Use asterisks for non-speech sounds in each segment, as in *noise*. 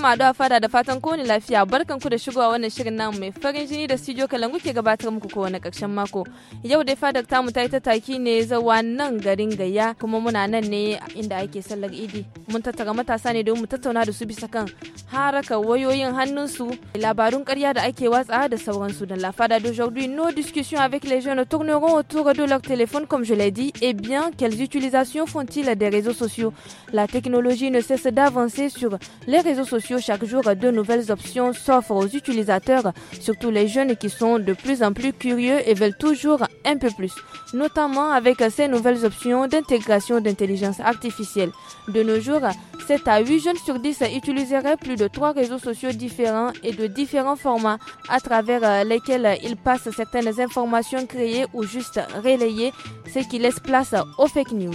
Malama Ado Fada da fatan kowane lafiya barkan ku da shigowa wannan shirin namu mai farin jini da studio Kalangu ke gabatar muku kowane karshen mako. Yau dai fadar tamu ta yi tattaki ne zawa nan garin gaya kuma muna nan ne inda ake sallar idi. Mun tattara matasa ne don mu tattauna da su bisa kan haraka wayoyin hannunsu labarun karya da ake watsa da sauransu da la fada d'aujourd'hui nos discussions avec les jeunes tourneront autour de leur téléphone comme je l'ai dit et eh bien quelles utilisations font-ils des réseaux sociaux. La technologie ne cesse d'avancer sur les réseaux sociaux chaque jour, de nouvelles options s'offrent aux utilisateurs, surtout les jeunes qui sont de plus en plus curieux et veulent toujours un peu plus, notamment avec ces nouvelles options d'intégration d'intelligence artificielle. De nos jours, 7 à 8 jeunes sur 10 utiliseraient plus de 3 réseaux sociaux différents et de différents formats à travers euh, lesquels ils passent certaines informations créées ou juste relayées, ce qui laisse place aux fake news.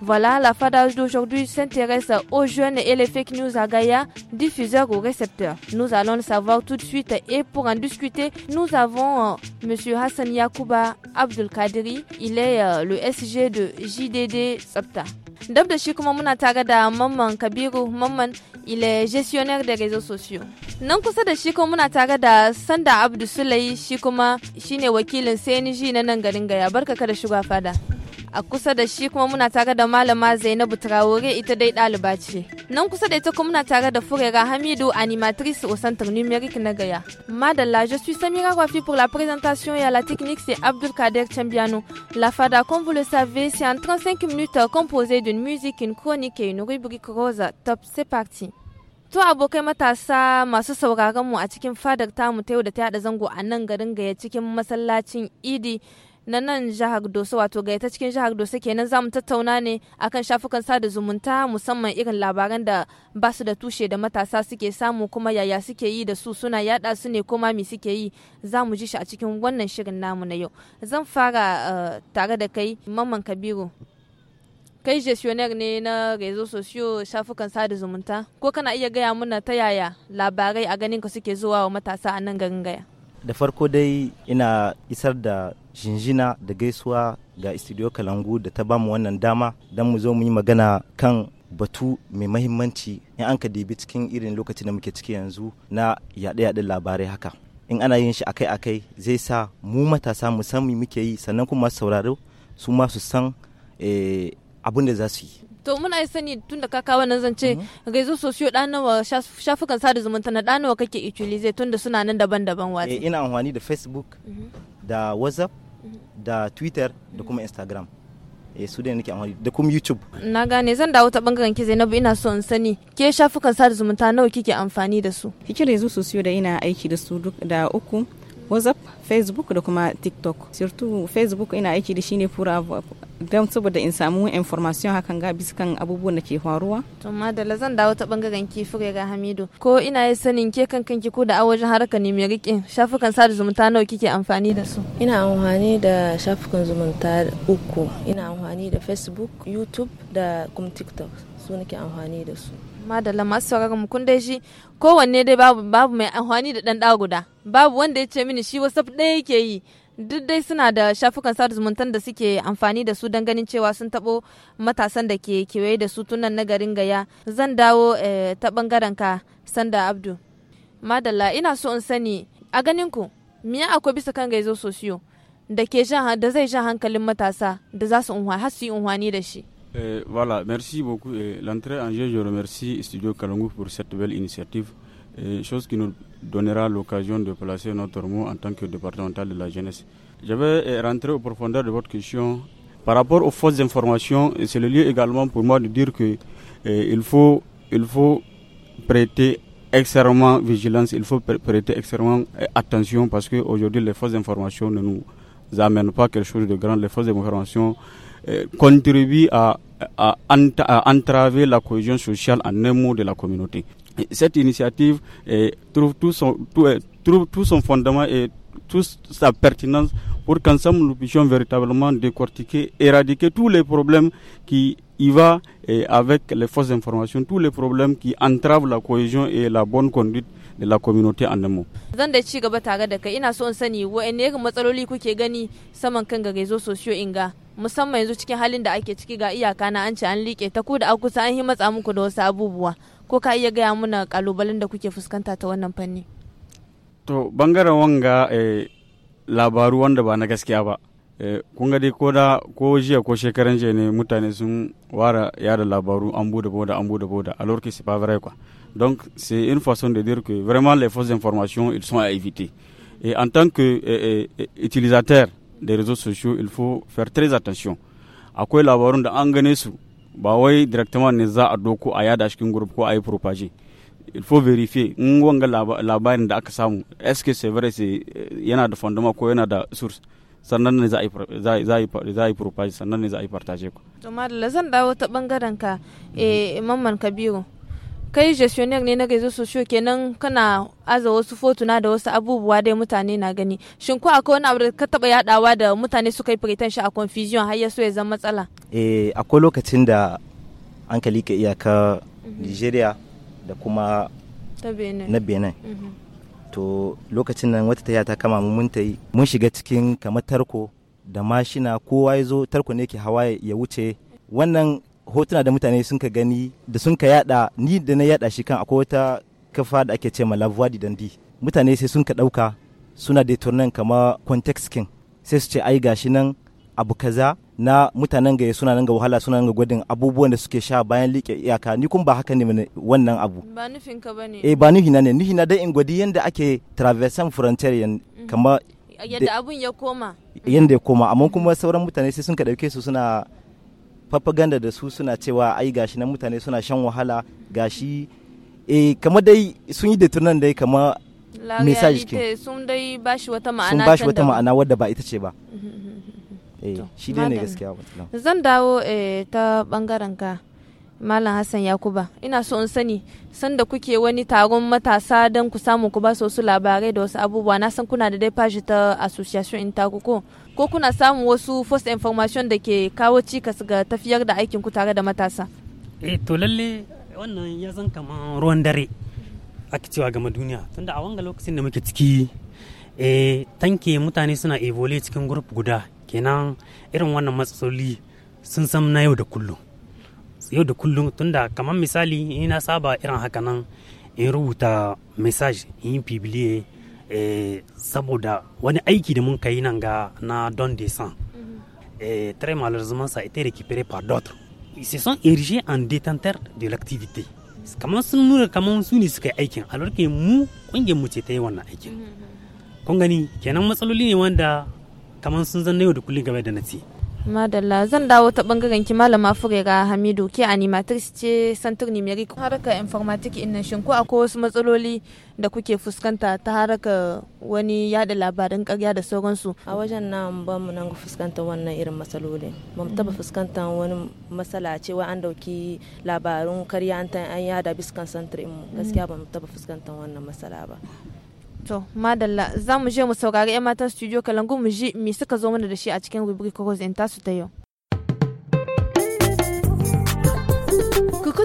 Voilà, la fadage d'aujourd'hui s'intéresse aux jeunes et les fake news à Gaïa, diffuseurs ou récepteurs. Nous allons le savoir tout de suite et pour en discuter, nous avons euh, Monsieur Hassan Yakuba Abdul Il est euh, le SG de JDD SAPTA. Kabiru Mamman il est gestionnaire des réseaux sociaux. Nan kusa da shi kuma muna tare da Sanda Abdu Sulayi shi kuma shine wakilin CNG na nan garin Gaya. Barka ka da shiga fada. a kusa da shi kuma muna tare da malama zainabu traore ita dai ɗaliba ce nan kusa da ita kuma muna tare da furera hamidu animatrice au centre numérique na gaya madalla je suis samira rafi pour la présentation et à la technique c'est abdul kader chambiano la fada comme vous le savez c'est en 35 minutes composé d'une musique une chronique et une rubrique rose top c'est parti To abokai matasa masu sauraron mu a cikin fadar tamu ta yau da ta yada zango a nan garin gaya cikin masallacin Idi na nan jihar Doso wato ga ta cikin jihar Doso kenan zamu tattauna ne akan shafukan sada zumunta musamman irin labaran da ba su da tushe da matasa suke samu kuma yaya suke yi da su suna yada su ne kuma me suke yi zamu ji shi a cikin wannan shirin namu na yau zan fara eh, tare da kai Mamman Kabiru kai gestionnaire ne na rezo sosiyo shafukan sada zumunta ko kana iya gaya muna ta yaya labarai a ganin ka suke zuwa wa matasa a nan garin gaya da farko dai ina isar da jinjina da gaisuwa ga studio kalangu da ta bamu wannan dama don mu zo mu yi magana kan batu mai mahimmanci in an ka dibi cikin irin lokacin da muke ciki yanzu na yaɗe-yaɗe labarai haka in ana yin shi akai-akai zai sa mu matasa mu muke yi sannan kuma sauraro su ma su san eh, abin da za su yi to muna sani tun da kakawa nan zan ce mhm. gaizo sosiyo da nawa shafukan sada zumunta na da nawa kake utilize tun da suna nan daban-daban Eh, ina amfani da facebook mhm. da whatsapp mhm. da twitter da kuma instagram eh su da nake amfani da kuma youtube na gane zan dawo ta bangaren ki Zainabu ina so in sani ke shafukan sada zumunta nawa kike amfani da su kike da yanzu sosiyo da ina aiki da su duk da uku whatsapp facebook da kuma tiktok surtout facebook ina aiki da shi ne fura don saboda in samu information hakan ga biskan abubuwan da ke faruwa. to madalla zan dawo ta bangaren kifi ga hamidu ko ina yi sanin ke kan kanki ko da a wajen haraka ne mai rike shafukan sada zumunta nawa kike amfani da su. ina amfani da shafukan zumunta uku ina amfani da facebook youtube da kuma tiktok su nake amfani da su. madalla masu sauraron mu kun dai shi kowanne dai babu babu mai amfani da dan guda babu wanda ya ce mini shi whatsapp ɗaya yake yi duk dai suna da shafukan sada zumuntan da suke amfani da su don ganin cewa sun tabo matasan da ke kewaye da su tunan na garin gaya zan dawo eh, ta bangaren ka sanda abdu madalla ina so in sani a ganin ku miya akwai bisa kan gaizo sosiyo da ke da zai jan hankalin matasa da za su unhwa har su yi unhwani da shi Euh, voilà, merci beaucoup. L'entrée en jeu, je remercie Studio Kalongo pour cette belle initiative, euh, chose qui nous donnera l'occasion de placer notre mot en tant que départemental de la jeunesse. Je vais euh, rentrer au profondeur de votre question. Par rapport aux fausses informations, c'est le lieu également pour moi de dire que il, faut, il faut prêter extrêmement vigilance, il faut prêter extrêmement attention parce qu'aujourd'hui, les fausses informations ne nous amènent pas quelque chose de grand. Les fausses informations contribuent à à, entraver la cohésion sociale en un mot de la communauté. Cette initiative eh, trouve, tout son, tout, eh, trouve tout son fondement et toute sa pertinence pour qu'ensemble nous puissions véritablement décortiquer, éradiquer tous les problèmes qui y va eh, avec les fausses informations, tous les problèmes qui entravent la cohésion et la bonne conduite de la communauté en amont. Zan sociaux musamman yanzu cikin halin da ake ciki ga iyaka na an ce an liƙe ta ku da akusa an yi matsa muku da wasu abubuwa ko ka iya gaya muna kalubalen da kuke fuskanta ta wannan fanni to bangaren wanga eh, labaru wanda ba na gaskiya ba eh, kun ga dai ko da ko jiya ko shekaran jiya ne mutane sun wara yada labaru an bude boda an bude boda a lokacin su pas vrai quoi donc c'est une façon de dire que vraiment les fausses informations ils sont à éviter et en tant que eh, utilisateur da rezo sociaux il faut faire très attention akwai labarun da an gane su ba wai directement ne za a doko a yada cikin group ko a yi propage il faut vérifier in wanga labarin da aka samu est-ce que c'est vrai c'est euh, yana da fondement ko yana da source sannan ne za a yi propage sannan ne za a yi partage ku to madalla zan dawo ta bangaren ka eh mamman kabiru kai jesioner ne na gaizo social kenan kana aza wasu fotuna da wasu abubuwa dai mutane na gani shin ko akwai wani abu da ka taba yadawa da mutane suka yi pretension shi a confusion har ya so ya zama matsala eh akwai lokacin da an iya iyaka mhm. Nigeria da kuma na Benin mhm. to lokacin nan wata taya ta kama mu mun tai mun shiga cikin kamar tarko da mashina kowa ya zo tarko ne ke hawa ya wuce wannan hotuna da mutane sun ka gani da sun ka yada ni da na yada shi kan akwai wata kafa da ake ce ma lavuwa dandi mutane sai sun ka dauka suna da turnan kama context king sai su ce ai gashi nan abu kaza na mutanen gaya suna nan ga wahala suna nan ga gwadin abubuwan da suke sha bayan liƙe iyaka ni kun ba haka ne wannan abu ba nufin ka bane eh ba nufin na ne nufin na dai in gwadi yanda ake traversing frontier mhm. kama yadda abun ya koma yanda ya koma amma kuma sauran mutane sai sun ka dauke su suna fafaganda da su suna cewa ai gashi na mutane suna shan wahala gashi eh kamar dai sun yi nan dai kamar message ke sun dai bashi wata ma'ana sun bashi wata ma'ana wadda ba ita ce ba *laughs* eh, shi dai ne gaskiya zan dawo eh, ta bangaren ka Malam Hassan Yakuba, ina so in sani sanda kuke wani taron matasa don ku samu ku ba su labarai da wasu abubuwa na san kuna da dai fashi ta Association Intaku ko? ko kuna samun wasu first information da ke kawo cikas ga tafiyar da aikin ku tare da matasa eh to lalle wannan ya zan kaman ruwan dare ake cewa game duniya tunda a wanga lokacin da muke ciki eh tanke mutane suna evole cikin group guda kenan irin wannan matsaloli sun san na yau da kullum yau da kullum tunda kamar misali ina na saba irin haka nan in rubuta message in yi saboda wani aiki da mun kai nan ga na don desan san très malheureusement ça a été récupéré par d'autres ils se sont érigés en détenteurs de l'activité kamar sun nuna kamar su ne suka yi aikin alors mu kungiyar mu ce ta yi wannan aikin kun gani kenan matsaloli ne wanda kamar sun zan yau da kullum game da na ce madalla zan dawo ta bangaren ki malama furera hamidu ke animatrix ce santur numeric haraka informatic innan shin ko akwai wasu matsaloli da kuke fuskanta ta haraka wani yada labarin karya da sauransu a wajen nan ba mu nan fuskanta wannan irin matsalolin ba mu taba fuskantar wani matsala cewa an dauki labarun karya an yada biskan santur mu mm. gaskiya ba mu taba fuskantar wannan matsala ba To, madalla za mu je mu saurari 'yan matan studio kalangu mu ji me suka zo mana da shi a cikin rubrikar in tasu ta yau.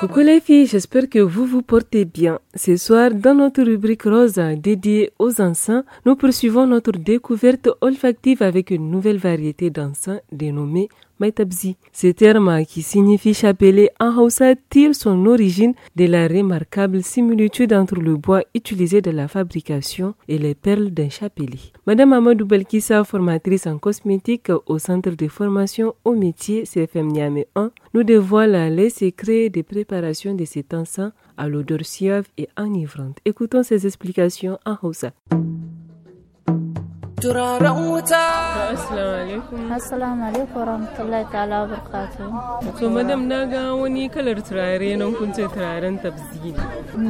Coucou les filles, j'espère que vous vous portez bien. Ce soir, dans notre rubrique rose dédiée aux encens, nous poursuivons notre découverte olfactive avec une nouvelle variété d'encens dénommée Maitabzi. Ce terme qui signifie chapelet en Hausa tire son origine de la remarquable similitude entre le bois utilisé dans la fabrication et les perles d'un chapelet. Madame Amadou Belkissa, formatrice en cosmétique au Centre de formation au métier CFM Niamey 1, nous dévoile les secrets des préparations de cet encens à l'odeur suave et enivrante. Écoutons ses explications en Hausa. turaren wuta assalamu alaikum assalamu alaikum warahmatullahi ta'ala barakatuh to madam na ga wani kalar turare nan kun ce turaren tabzi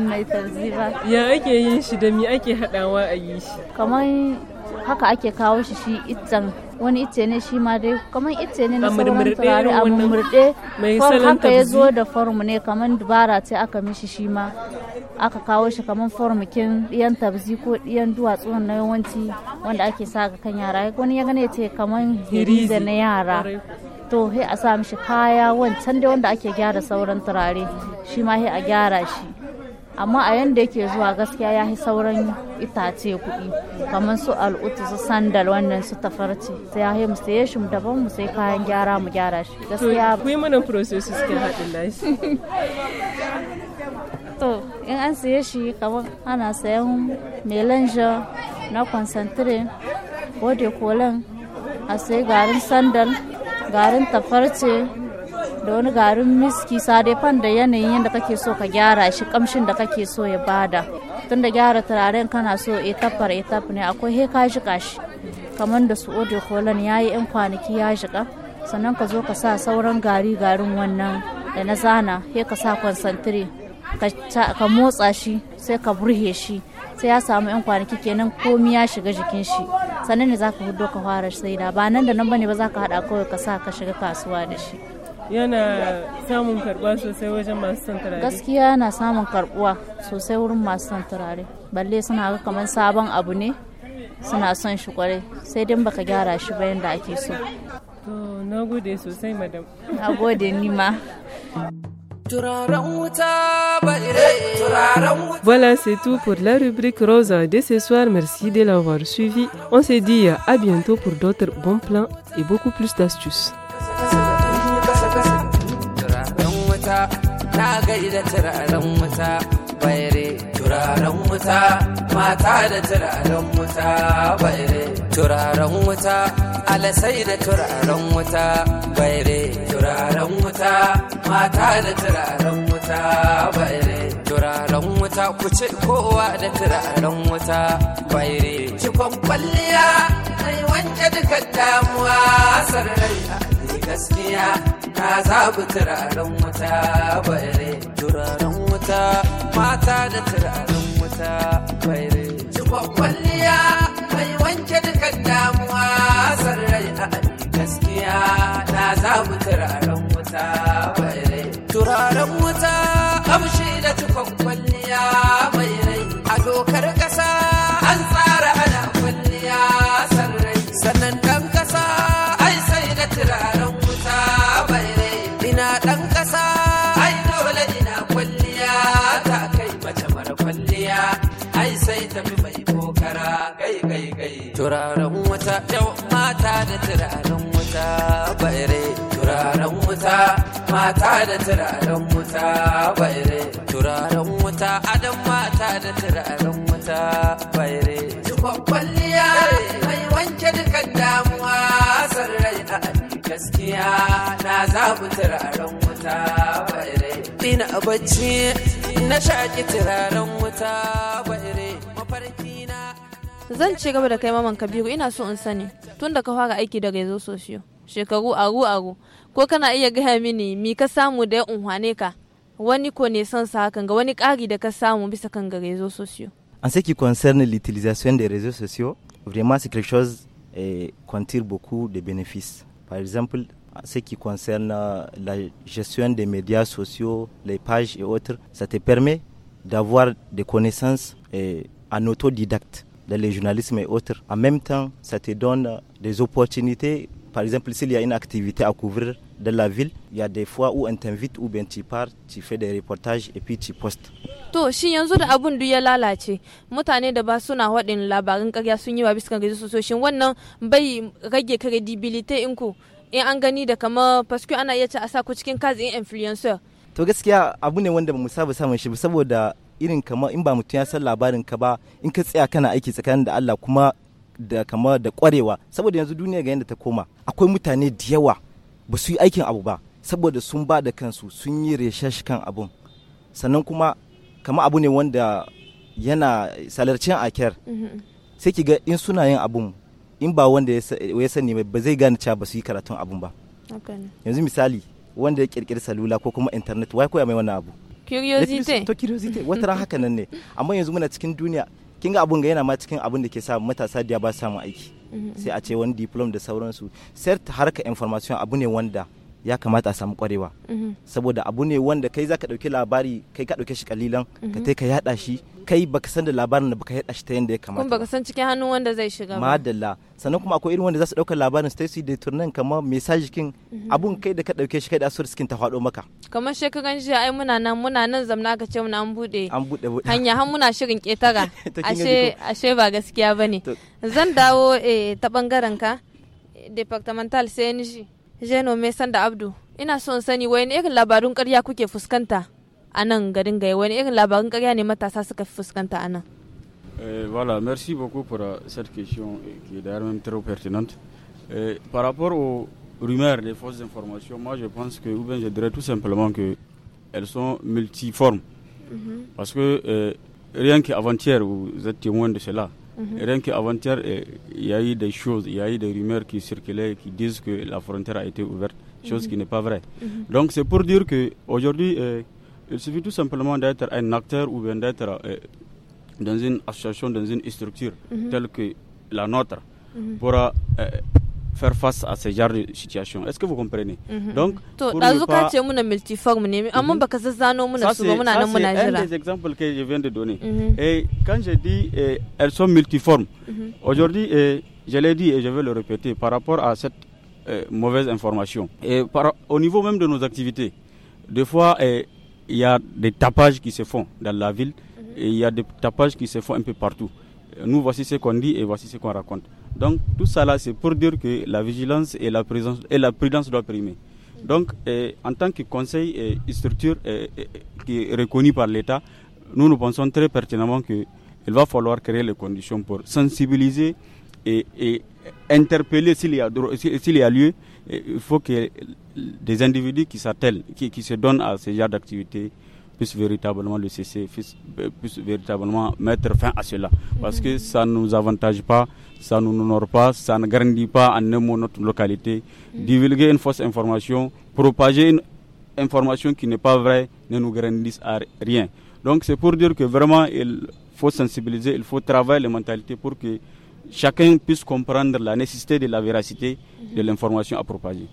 mai tabzi ba ya ake yin shi da mi ake hadawa a yi shi kamar haka ake kawo shi shi itan wani ice ne shi ma dai kamar ice ne na sauran turare a mummurde haka ya zo da form ne kamar dubara ce aka mishi shi ma aka kawo shi kamar kin ɗiyan tabzi ko ɗiyan duwatsu na yawanci wanda ake sa ga kan yara wani ya gane ce kamar hiriza na yara to he a sa mishi kaya wancan dai wanda ake gyara sauran turare shi ma he a gyara shi amma a yanda yake zuwa gaskiya ya yi sauran itace kuɗi kamar su al'utu su sandal wannan su tafarci sai ya yi mu saye shi daban mu sai kayan gyara mu gyara shi gaskiya ku yi mana processes ke haɗin lashi *laughs* to in an saye shi kamar ana sayan melange na concentrate bode kolan a sai garin sandal garin tafarce da wani garin miski fan da yanayin yadda kake so ka gyara shi kamshin da kake so ya bada tun da gyara turaren kana so etafar etaf ne akwai he ka jika shi kamar da su ode kolon ya yi yan kwanaki ya shiga sannan ka zo ka sa sauran gari garin wannan da na zana he ka sa konsantire ka motsa shi sai ka burhe shi sai ya samu yan kwanaki kenan komi ya shiga jikin shi sannan ne za zaka hudo ka fara saida ba nan da nan bane ba za zaka hada kawai ka sa ka shiga kasuwa da shi yana samun karbuwa sosai wajen masu son turare gaskiya yana samun karbuwa sosai wurin masu son turare balle suna ga kamar sabon abu ne suna son shi kwarai sai dai baka gyara shi bayan da ake so to na gode sosai madam na gode ni ma Voilà, c'est tout pour la rubrique Rose de ce soir. Merci de l'avoir suivi. On se dit à bientôt pour d'autres bons plans et beaucoup plus d'astuces. kai da turaren wuta baire turaren wuta mata da turaren wuta baire turaren wuta alasai da turaren wuta baire turaren wuta mata da turaren wuta baire turaren wuta ku ce kowa da turaren wuta baire cikon kwalliya ai wanke dukkan damuwa sarrai gaskiya na zaɓi turaren wuta baire turaren wuta mata da turaren wuta kwaire zuba kwalliya mai wanke dukan damuwa rai a gaskiya turaren wuta yau mata da turaren wuta baire turaren wuta mata da turaren wuta baire turaren wuta adam mata da turaren wuta baire kwalliya mai wanke dukan damuwa sarrai a gaskiya na zabu turaren wuta baire ina bacci na shaki turaren wuta baire mafarki en ce qui concerne l'utilisation des réseaux sociaux vraiment c'est quelque chose eh, qui contient beaucoup de bénéfices par exemple en ce qui concerne euh, la gestion des médias sociaux les pages et autres ça te permet d'avoir des connaissances eh, en autodidacte dans le journalisme et autres. En même temps, ça te donne des opportunités. Par exemple, s'il y a une activité à couvrir dans la ville, il y a des fois où on t'invite ou bien tu pars, tu fais des reportages et puis tu postes. To shi yanzu da abun duk ya lalace mutane da ba suna waɗin labarin ƙarya sun yi wa bisa gaji sososhin wannan bai rage credibility inku in an gani da kamar paske ana iya ci a sa ku cikin in influencer. To gaskiya abu ne wanda ba mu saba samun shi saboda irin kamar in ba mutum ya san labarin ka ba in ka tsaya kana aiki tsakanin da Allah kuma da kama da kwarewa saboda yanzu duniya ga yadda ta koma akwai mutane da yawa ba su yi aikin abu ba saboda sun ba da kansu sun yi reshashi kan abun sannan kuma kama abu ne wanda yana salarcin akiyar mm-hmm. sai ki ga in suna yin abun in ba wanda ya sani ba zai gane cewa ba su yi karatun abun ba yanzu misali wanda ya kirkiri salula ko kuma intanet wai koya mai wannan abu curiosity to curiosity *laughs* wata ran haka nan ne amma yanzu muna cikin duniya kinga abun ga yana ma cikin abun da ke sa matasa da ba samu aiki mm-hmm. sai a ce wani diplom da sauransu cert harka information abu ne wanda ya kamata a samu kwarewa mm-hmm. saboda abu ne wanda kai zaka dauki labari kai ka dauke shi kalilan ka mm-hmm. tai ka yada shi kai baka san da labarin da baka haɗa shi ta yadda ya kamata kuma baka san cikin hannun wanda zai shiga ba madalla sannan kuma akwai irin wanda za su ɗauka labarin su su da turnan kamar message kin mhm. abun kai da ka ɗauke shi kai da asuwar skin ta faɗo maka kamar shekaran jiya ai muna nan muna nan zamna ka ce muna an buɗe an buɗe. hanya har muna shirin ƙetara *laughs* ashe ashe ba gaskiya bane zan dawo eh, ta ɓangaren ka departmental CNG Jeno Mesan da Abdu ina son sani wani irin labarun karya kuke fuskanta wani irin labarin ne matasa suka fuskanta a nan eh, voilà merci beaucoup pour euh, cette question eh, qui est d'ailleurs même très pertinente eh, par rapport aux rumeurs des fausses informations moi je pense que ou bien je dirais tout simplement que elles sont multiformes mhm. parce que euh, rien qu'avant-hier vous êtes témoin de cela mm -hmm. rien qu'avant-hier il y a eu des choses il y a eu des rumeurs qui circulaient qui disent que la frontière a été ouverte chose mhm. qui n'est pas vraie mhm. donc c'est pour dire que aujourd'hui il suffit tout simplement d'être un acteur ou bien d'être euh, dans une association, dans une structure mhm. telle que la nôtre mhm. pour euh, faire face à ce genre de situation. Est-ce que vous comprenez mhm. Donc, c'est un des exemples que je viens de donner. Et quand je dis euh, elles sont multiformes, aujourd'hui, je l'ai dit et je vais le répéter par rapport à cette mauvaise information. Et par, au niveau même de nos activités, des fois, il y a des tapages qui se font dans la ville et il y a des tapages qui se font un peu partout. Nous, voici ce qu'on dit et voici ce qu'on raconte. Donc, tout ça là, c'est pour dire que la vigilance et la, présence, et la prudence doivent primer. Donc, eh, en tant que conseil et structure eh, eh, qui est reconnue par l'État, nous nous pensons très pertinemment qu'il va falloir créer les conditions pour sensibiliser et, interpeller s'il y, a lieu il faut que des individus qui s'attellent, qui, qui, se donnent à ce genre d'activité puissent véritablement le cesser, puissent, véritablement mettre fin à cela. Parce que ça ne nous avantage pas, ça ne nous honore pas, ça ne grandit pas en un notre localité. Mm. Divulguer une fausse information, propager une information qui n'est pas vraie ne nous grandit à rien. Donc c'est pour dire que vraiment il faut sensibiliser, il faut travailler les mentalités pour que chacun puisse comprendre la nécessité de la véracité de mhm. l'information à propager.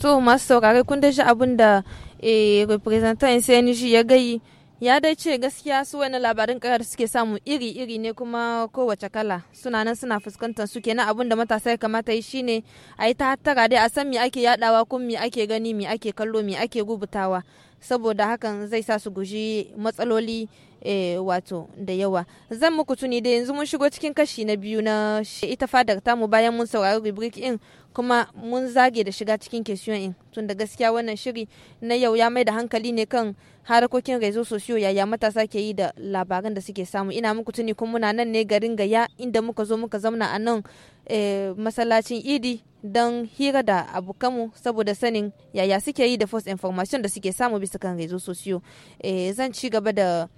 To masu saurari kun dashi abin da eh, representant CNG ya gayi ya dai ce gaskiya su wani labarin karar suke samu iri-iri ne kuma kowace kala suna nan suna fuskantar su kenan abin da matasa ya kamata yi shine a yi ta hattara dai a san me ake yadawa kun me ake gani me ake kallo me ake gubutawa saboda hakan zai sa su guji matsaloli e wato da yawa zan muku tuni da yanzu mun shigo cikin kashi na biyu na ita fadar tamu bayan mun saurari rubric in kuma mun zage da shiga cikin kesiyon in tun da gaskiya wannan shiri na yau ya mai da hankali ne kan harkokin rezo sosiyo yaya matasa ke yi da labaran da suke samu ina muku tuni kuma muna nan ne garin gaya inda muka zo muka zauna a nan eh, masallacin idi don hira da abokanmu saboda sanin yaya suke yi da first information da suke samu bisa kan rezo sosiyo eh, zan ci gaba da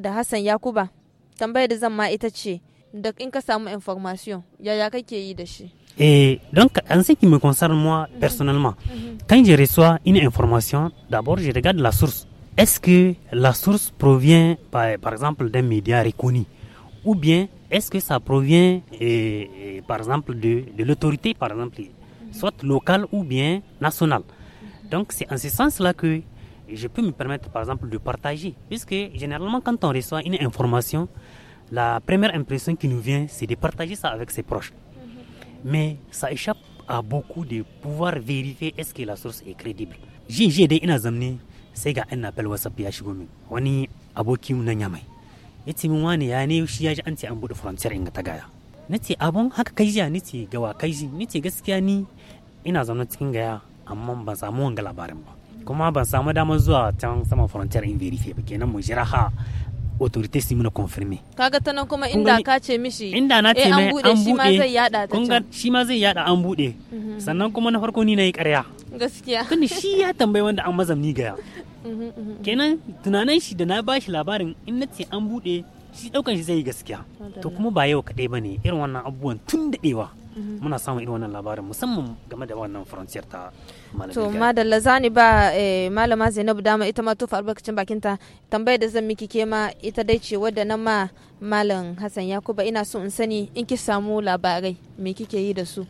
da Hassan Yakuba da ma ita ce ka samu information kake yi da shi Et eh, donc, en ce qui me concerne, moi, mhm. personnellement, mhm. quand je reçois une information, d'abord, je regarde la source. Est-ce que la source provient, par, par exemple, d'un média reconnu Ou bien, est-ce que ça provient, eh, eh, par exemple, de, de l'autorité, par exemple, mhm. soit locale ou bien nationale Donc, c'est en ce sens-là que je peux me permettre par exemple de partager. Puisque généralement quand on reçoit une information, la première impression qui nous vient, c'est de partager ça avec ses proches. Mhm. Mais ça échappe à beaucoup de pouvoir vérifier est-ce que la source est crédible. J'ai aidé une zamne sai ga appel WhatsApp ya shigo min. Wani aboki na nyamai. Yace min wani ya ne shi ya ji an ambo de frontière frontier in ta gaya. Nace abun haka kai ja gawa kai ji nace gaskiya ni ina zaune cikin amma kuma ban samu damar zuwa can saman frontier in verify ba kenan mu jira ha authorities su mana confirmé. kaga ta nan kuma inda ka ce mishi inda na ce eh, mai an bude shi ma zai yada ta can shi ma zai yada an bude mhm. sannan kuma na farko ni nayi ƙarya gaskiya tunda shi ya tambayi wanda an mazamni gaya mhm, mhm. kenan tunanin shi da na bashi labarin in na ce an bude shi daukan shi zai yi gaskiya to kuma ba yau kadai bane irin wannan abubuwan tun daɗewa. muna samun irin wannan labarin musamman game da wannan frontier ta to madalla zani ba eh, malama zainabu dama ita ma tufa albarkacin bakinta tambayar da zan miki ke ma ita dai ce wadda na ma malam hassan yakuba ina so in sani in ki samu labarai me kike yi da su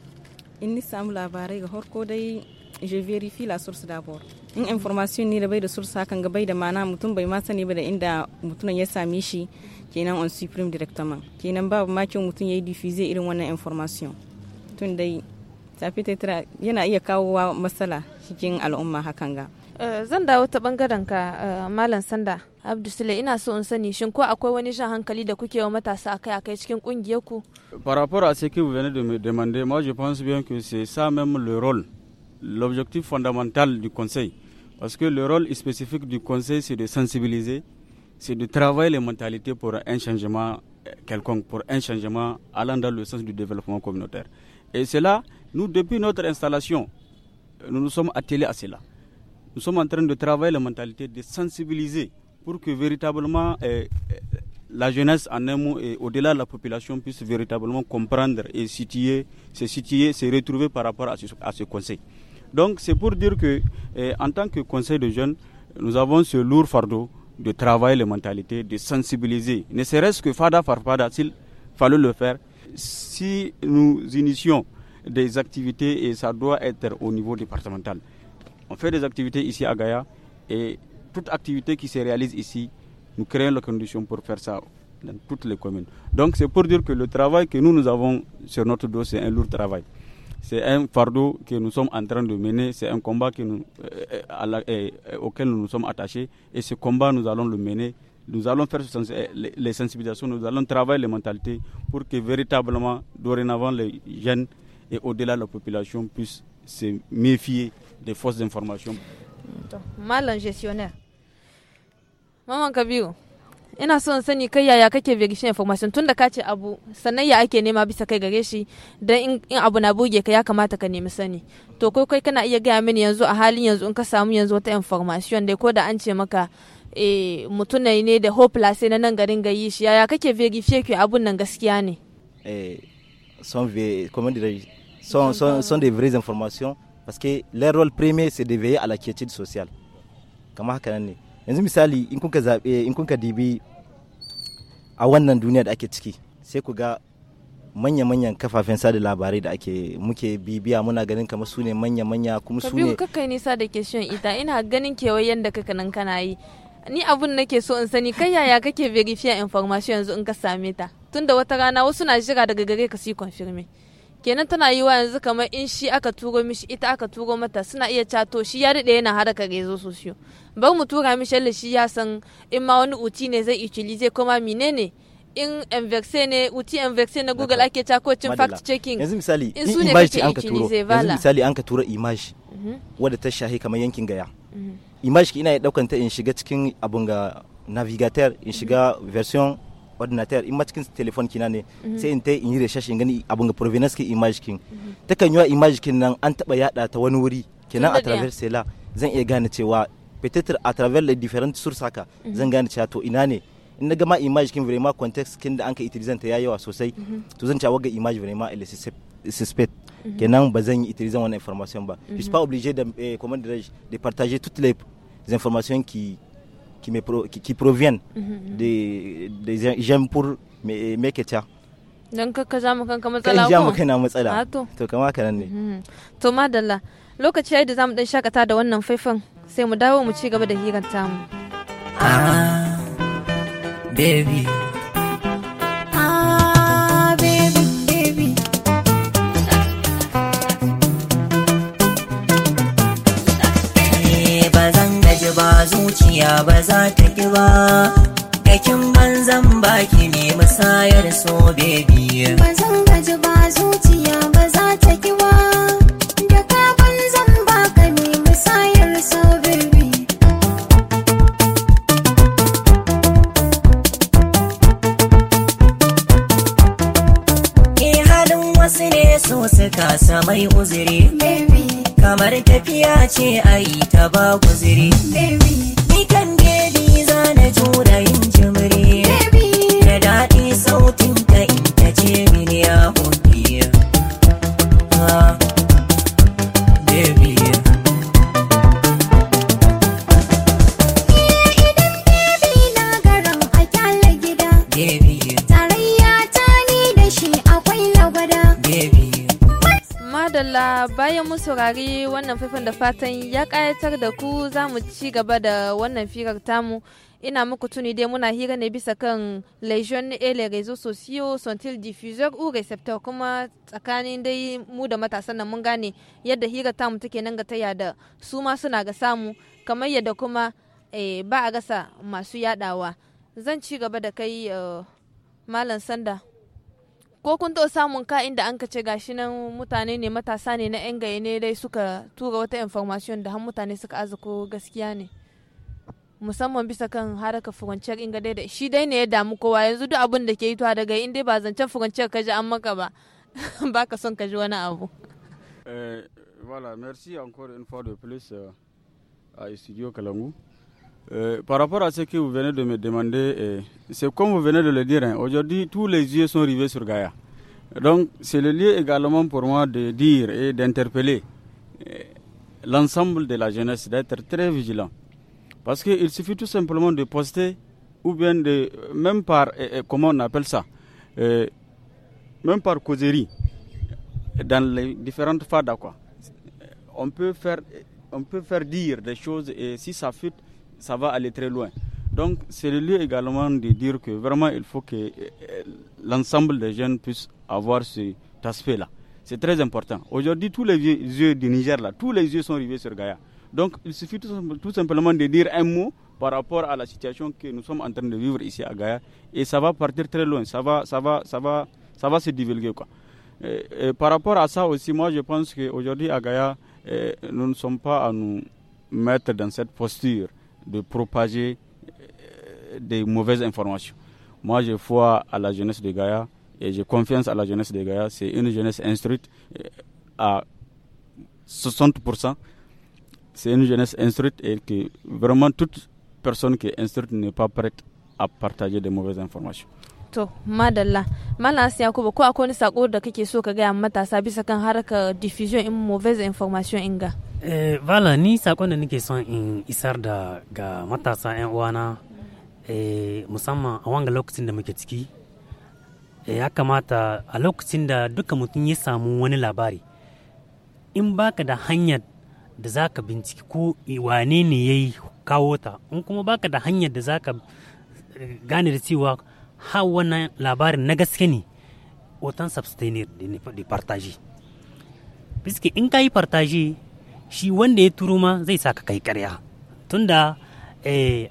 in ni samu labarai ga harko dai je verifi la source d'abord in information ne da bai da source hakan ga bai da mana mutum bai ma sani ba da inda mutumin ya same shi kenan on supreme directement kenan babu ma makin mutum ya yi irin wannan information tun dai par rapport à ce que vous venez de me demander moi je pense bien que c'est ça même le rôle l'objectif fondamental du conseil parce que le rôle spécifique du conseil c'est de sensibiliser c'est de travailler les mentalités pour un changement quelconque pour un changement allant dans le sens du développement communautaire et cela, nous, depuis notre installation, euh, nous nous sommes attelés à cela. Nous sommes en train de travailler la mentalité, de sensibiliser pour que véritablement euh, euh, la jeunesse en un mot et au-delà de la population puisse véritablement comprendre et situer, se situer, se retrouver par rapport à ce, conseil. Donc c'est pour dire que en tant que conseil de jeunes, nous avons ce lourd fardeau de travailler les mentalités, de sensibiliser. Ne serait-ce que Fada Farfada, s'il fallait le faire, si nous initions des activités, et ça doit être au niveau départemental, on fait des activités ici à Gaïa et toute activité qui se réalise ici, nous créons les conditions pour faire ça dans toutes les communes. Donc c'est pour dire que le travail que nous, nous avons sur notre dos, c'est un lourd travail. C'est un fardeau que nous sommes en train de mener, c'est un combat nous, euh, euh, euh, auquel nous nous sommes attachés et ce combat, nous allons le mener nous allons faire eh, les sensibilisations, nous allons travailler les mentalités pour que véritablement, dorénavant, les jeunes et au-delà de la population puissent se méfier des fausses informations. Mal en gestionnaire. Maman Kabiru, ina son sani kai yaya kake verify information tunda ka ce abu sannan ya ake nema bisa kai gare shi dan in abu na buge ka ya kamata ka nemi sani to kai kai kana iya gaya mini yanzu a halin yanzu in ka samu yanzu wata information dai ko da an e, eh, mutunai ne da hopeless na nan garin gayi shi yaya kake vegi fiye abun nan gaskiya ne eh sont comment dirais sont, sont, des vraies informations parce que leur rôle premier c'est de veiller à la quiétude sociale kamar haka nan ne yanzu misali in kuka zabe in kuka dibi a wannan duniya da ake ciki sai ku ga manya-manyan kafafen sada labarai da ake muke bibiya muna ganin kamar su ne manya-manya kuma su ne kakai nisa da ke shan ita ina ganin kewayen da kaka nan kana yi ni abun nake so in sani kai yaya kake verify information yanzu in ka same ta tunda wata rana wasu na jira daga gare ka su confirme kenan tana yi wa yanzu kamar in shi aka turo mishi ita aka turo mata suna iya cato shi ya daɗe yana haraka rezo sosiyo bar mu tura mishi shi ya san in ma wani uti ne zai utilize zai kuma menene in envexe ne uti envexe na google ake cakocin fact checking yanzu misali in su ne kake ituli zai vala yanzu misali an ka tura image mhm. wadda ta shahi kamar yankin gaya mhm. image ina daukan ta in shiga cikin abun ga navigator in shiga version ordinateur in ma cikin telefon kina ne mhm. sai in ta in yi research in gani abun ga provenance ki image kin ta kan yiwa image kin nan an taba yada ta wani wuri kenan a travers sela zan iya gane cewa peut-être à travers les différentes sources haka mhm. zan gane cewa to ina ne in na gama image kin vraiment context kin da an ka utilizanta yayi yawa sosai mhm. to zan cewa ga image vraiment elle suspect Mhm. kenan ba zan yi utiliser wannan information ba je suis mhm. pas obligé de eh, comment dirais-je de partager toutes les informations qui qui me pro, qui, qui, proviennent mhm, des de, j'aime pour mes mes états don kakka ja mu kanka matsala ko? ja mu kaina matsala. To kama haka nan ne. To madalla lokaci yayi da zamu dan shakata da wannan faifan sai mu dawo mu ci gaba da hirar tamu. Mm. Ah, baby. soyayya ba za ta ki ba Kakin banzan ki ne musayar so baby Ba zan gaji ba zuciya ba za ta ki ba Da ka banzan baka ne musayar so baby Eh halin wasu ne so suka samai uzuri Baby kamar tafiya ce a yi ta baku madalla bayan mu saurari wannan faifan da fatan ya kayatar da ku za mu ci gaba da wannan firar tamu ina muku tuni dai muna hira ne bisa kan legion jeunes et les réseaux sociaux sont-ils diffuseurs ou kuma tsakanin dai mu da matasan nan mun gane yadda hira tamu take nan ga taya da su ma suna ga samu kamar yadda kuma eh, ba a gasa masu yadawa zan ci gaba da kai uh, malam sanda ko kun taɓa samun ka inda an ce gashi nan mutane ne matasa ne na yan gaye ne dai suka tura wata information da har mutane suka azuko gaskiya ne musamman bisa kan haraka furanciyar inga dai da shi dai ne ya damu kowa yanzu duk abin da ke yi tuwa daga in dai ba zancen furanciyar ka ji an maka ba *laughs* ba ka son ka ji wani abu. Eh, voilà merci encore une fois de plus euh, à Studio Kalangu. Euh, par rapport à ce que vous venez de me demander, euh, c'est comme vous venez de le dire, hein. aujourd'hui tous les yeux sont rivés sur Gaïa. Donc c'est le lieu également pour moi de dire et d'interpeller euh, l'ensemble de la jeunesse, d'être très vigilant. Parce qu'il suffit tout simplement de poster, ou bien de, même par, comment on appelle ça, même par causerie, dans les différentes fadas, quoi. On peut faire, on peut faire dire des choses et si ça fuite, ça va aller très loin. Donc, c'est le lieu également de dire que vraiment, il faut que euh, l'ensemble des jeunes puissent avoir cet aspect-là. C'est très important. Aujourd'hui, tous les yeux du Niger, là, tous les yeux sont rivés sur Gaïa. Donc, il suffit tout simplement de dire un mot par rapport à la situation que nous sommes en train de vivre ici à Gaïa. Et ça va partir très loin. Ça va, ça va, ça va, ça va se divulguer, quoi. Euh, par rapport à ça aussi, moi, je pense qu'aujourd'hui, à Gaïa, euh, nous ne sommes pas à nous mettre dans cette posture de propager euh, des mauvaises informations. Moi, j'ai foi à la jeunesse de Gaïa et j'ai confiance à la jeunesse de Gaïa. C'est une jeunesse instruite euh, à 60%. C'est une jeunesse instruite et que vraiment toute personne qui est instruite n'est pas prête à partager des mauvaises informations. To, madalla, Malam Yakubu, ko akwai wani da kake so ka gaya matasa bisa kan diffusion in mauvaises informations inga? Eh, vala ni sakon da nake son in isar da ga matasa 'yan uwana eh, musamman a wanga lokacin da muke ciki eh, ya kamata a lokacin da duka mutum ya samu wani labari in baka da hanyar da za ka binciki ko wane ne ya yi kawo ta in kuma baka da hanyar da za ka gane da cewa ha wannan labarin na gaske ne otan substainer da partaji biski in ka yi partaji shi wanda ya turu ma zai sa ka kai karya tunda eh,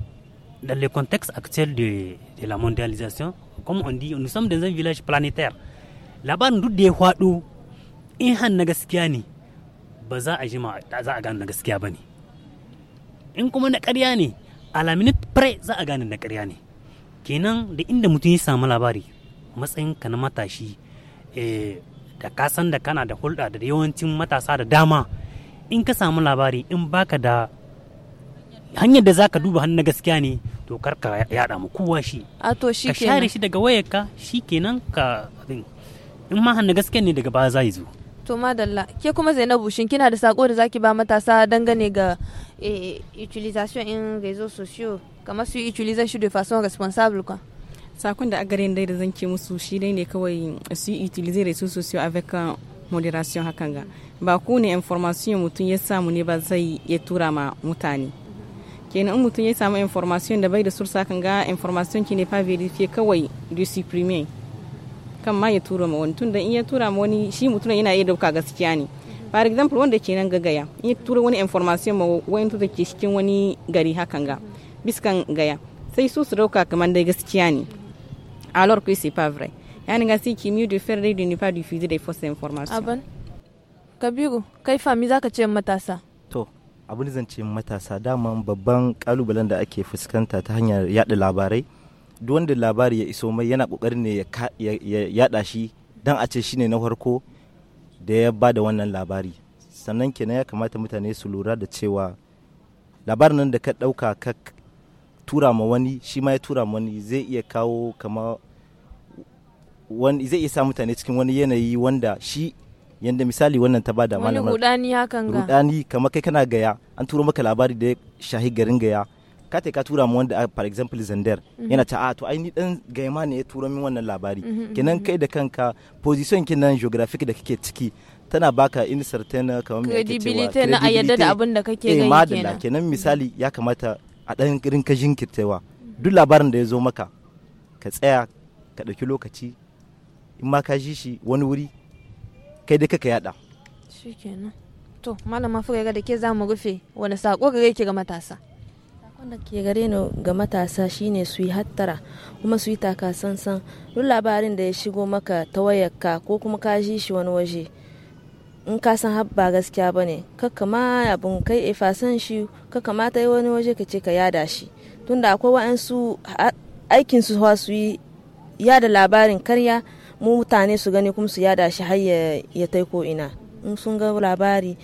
dans le contexte actuel de, de la mondialisation comme on dit nous sommes dans un village planétaire labarin duk da ya hwadu in han na gaskiya ne ba za a jima za a gane na gaskiya ba ne in kuma na karya ne a minute pre za a gane na karya ne kenan da inda mutum ya samu labari matsayin na matashi eh, da kasan da kana da hulɗa da yawancin matasa da dama in ka samu labari in baka da hanyar da zaka duba hannu gaskiya ne to kar ka yada mu kowa shi a to shi ka share shi daga shi shikenan ka in ma hannu gaskiya ne daga baya za zo to madalla ke kuma zainabu shin kina da sako da zaki ba matasa dangane ga eh, utilization in rezo socio kamar su utiliser shi de façon responsable quoi sakon da garin dai da zan ce musu shi dai ne kawai su utilize réseaux sociaux avec euh, moderation hakan ga ba ku ne information mutum ya samu ne ba zai ya tura ma mutane kenan in mutum ya samu information da bai da sursa kan ga information ki ne fa verify kawai du supreme kan ma ya tura ma wani tun da in ya tura ma wani shi mutum yana iya dauka gaskiya ne for example wanda ke nan gagaya in ya tura wani information ma wani da ke cikin wani gari hakan ga biskan gaya sai su su dauka kamar dai gaskiya ne alors que c'est pas vrai yani ga si kimiyu da fer da nifa da fizi da fasa information aban ah kabiru kai fami zaka ce matasa to abin da zan ce matasa dama babban kalubalen da ake fuskanta ta hanyar yada labarai duk wanda labari ya iso mai yana kokarin ne ya yada shi dan a ce shine na farko da ya ba da wannan labari sannan kenan ya kamata mutane su lura da cewa labarin nan da ka dauka ka tura ma wani shi ma ya tura ma wani zai iya kawo kama Wani zai iya sa mutane cikin wani yanayi wanda shi yanda misali wannan ta bada malamar wani rudani hakan ga rudani kamar kai kana gaya an turo maka labari da shahi garin gaya ka ta ka tura mu wanda ah, for example zander mhm. yana ta a ah, to ai ni dan gaima ne ya turo min wannan labari mhm, mhm, kenan kai da kanka position kenan geographic da kake ciki tana baka in certain kamar me cewa credibility na ayyada da abin da kake eh, gani kenan kenan misali ya kamata a dan rinka jinkirtewa duk labarin da ya zo maka ka tsaya ka ɗauki lokaci in ma ka ji shi wani wuri kai da kaka yada shikenan to malama ga da ke za mu rufe wani sako ga yake ga matasa sakon da ke gare ni ga matasa shine su yi hattara kuma su yi taka sansan duk labarin da ya shigo maka ta wayarka ko kuma ka ji shi wani waje in ka san habba gaskiya ba ne kakka ma abin kai efa san shi kakka ma ta wani waje ka ce ka yada shi tunda akwai wa'ansu aikin su su yi yada labarin karya mu mutane su gani kuma su yada shi har ya tai ko ina in sun ga labari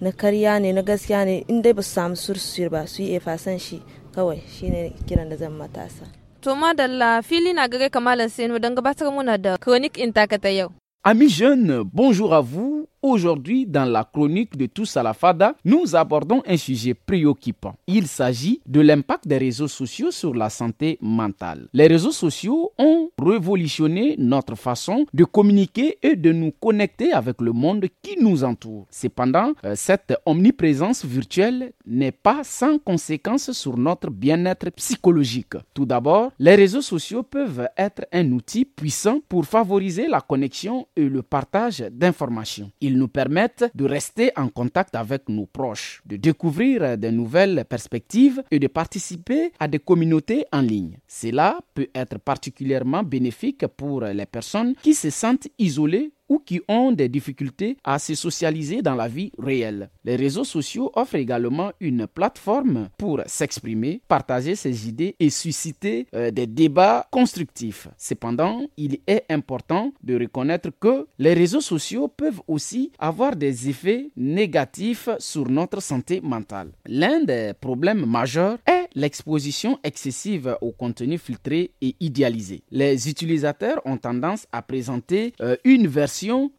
na karya ne na gaskiya ne in dai ba su samu sursur ba su yi efasan shi kawai shine kiran da zan matasa to madalla fili na gare kamalan senu don gabatar muna da chronic in takata yau ami jeune bonjour à vous Aujourd'hui, dans la chronique de Tous à la Fada, nous abordons un sujet préoccupant. Il s'agit de l'impact des réseaux sociaux sur la santé mentale. Les réseaux sociaux ont révolutionné notre façon de communiquer et de nous connecter avec le monde qui nous entoure. Cependant, euh, cette omniprésence virtuelle n'est pas sans conséquences sur notre bien-être psychologique. Tout d'abord, les réseaux sociaux peuvent être un outil puissant pour favoriser la connexion et le partage d'informations. Ils nous permettent de rester en contact avec nos proches, de découvrir de nouvelles perspectives et de participer à des communautés en ligne. Cela peut être particulièrement bénéfique pour les personnes qui se sentent isolées ou qui ont des difficultés à se socialiser dans la vie réelle. Les réseaux sociaux offrent également une plateforme pour s'exprimer, partager ses idées et susciter euh, des débats constructifs. Cependant, il est important de reconnaître que les réseaux sociaux peuvent aussi avoir des effets négatifs sur notre santé mentale. L'un des problèmes majeurs est l'exposition excessive au contenu filtré et idéalisé. Les utilisateurs ont tendance à présenter euh, une version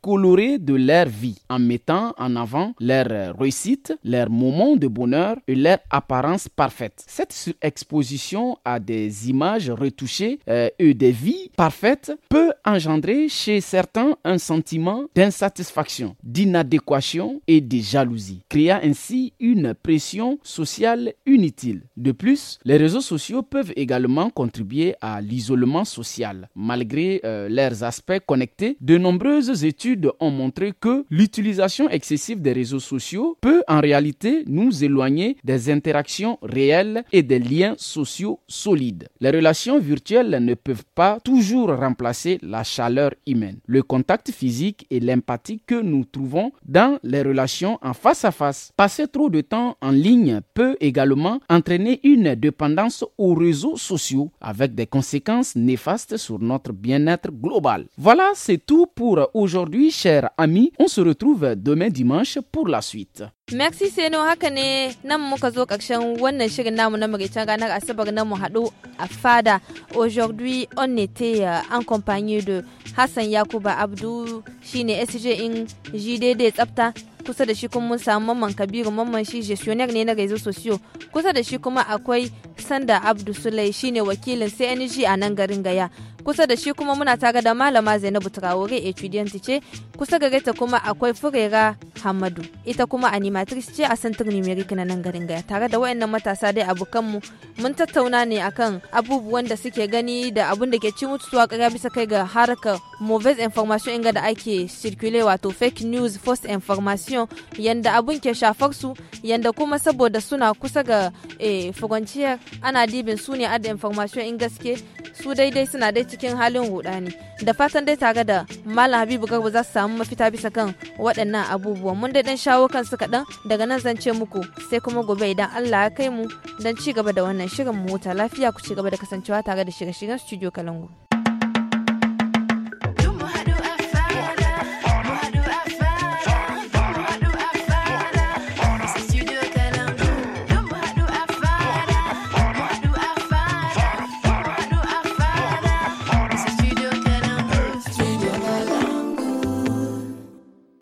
colorée de leur vie en mettant en avant leur réussite, leurs moments de bonheur et leur apparence parfaite. Cette surexposition à des images retouchées euh, et des vies parfaites peut engendrer chez certains un sentiment d'insatisfaction, d'inadéquation et de jalousie, créant ainsi une pression sociale inutile de plus, les réseaux sociaux peuvent également contribuer à l'isolement social. Malgré euh, leurs aspects connectés, de nombreuses études ont montré que l'utilisation excessive des réseaux sociaux peut en réalité nous éloigner des interactions réelles et des liens sociaux solides. Les relations virtuelles ne peuvent pas toujours remplacer la chaleur humaine, le contact physique et l'empathie que nous trouvons dans les relations en face à face. Passer trop de temps en ligne peut également en entraîner une dépendance aux réseaux sociaux avec des conséquences néfastes sur notre bien-être global. Voilà, c'est tout pour aujourd'hui, chers amis. On se retrouve demain dimanche pour la suite. Merci Seno Hakane. muka zo wannan na ranar Asabar nan mu a fada. Aujourd'hui, on était euh, en compagnie de Hassan Yakuba Abdou, shine SJ in JDD tsafta kusa da shi kuma mun samu mamman kabiru mamman shi gestionnaire ne na gaizo sosiyo kusa da shi kuma akwai sanda abdu sulai shine wakilin cng a nan garin gaya kusa da shi kuma muna tare da malama Zainabu Traore etudiant ce kusa gare ta kuma akwai Furera Hamadu ita kuma animatrix ce a Central Numeric na nan garin Gaya tare da wayannan matasa dai abokanmu mun tattauna ne akan abubuwan da suke gani da abun da ke ci mutuwa kara bisa kai ga harkar moves information inga da ake circulate wato fake news first information yanda abun ke shafar su yanda kuma saboda suna kusa ga eh, ana dibin su ne ad information in gaske su daidai suna dai cikin halin ne da fatan dai tare da malam habibu garba za su samu mafita bisa kan waɗannan abubuwan mun dai dan shawo kansu kaɗan daga nan zan ce muku sai kuma gobe idan allah ya kai mu dan ci gaba da wannan shirin mu lafiya ku ci gaba da kasancewa tare da shirye-shiryen studio kalangu.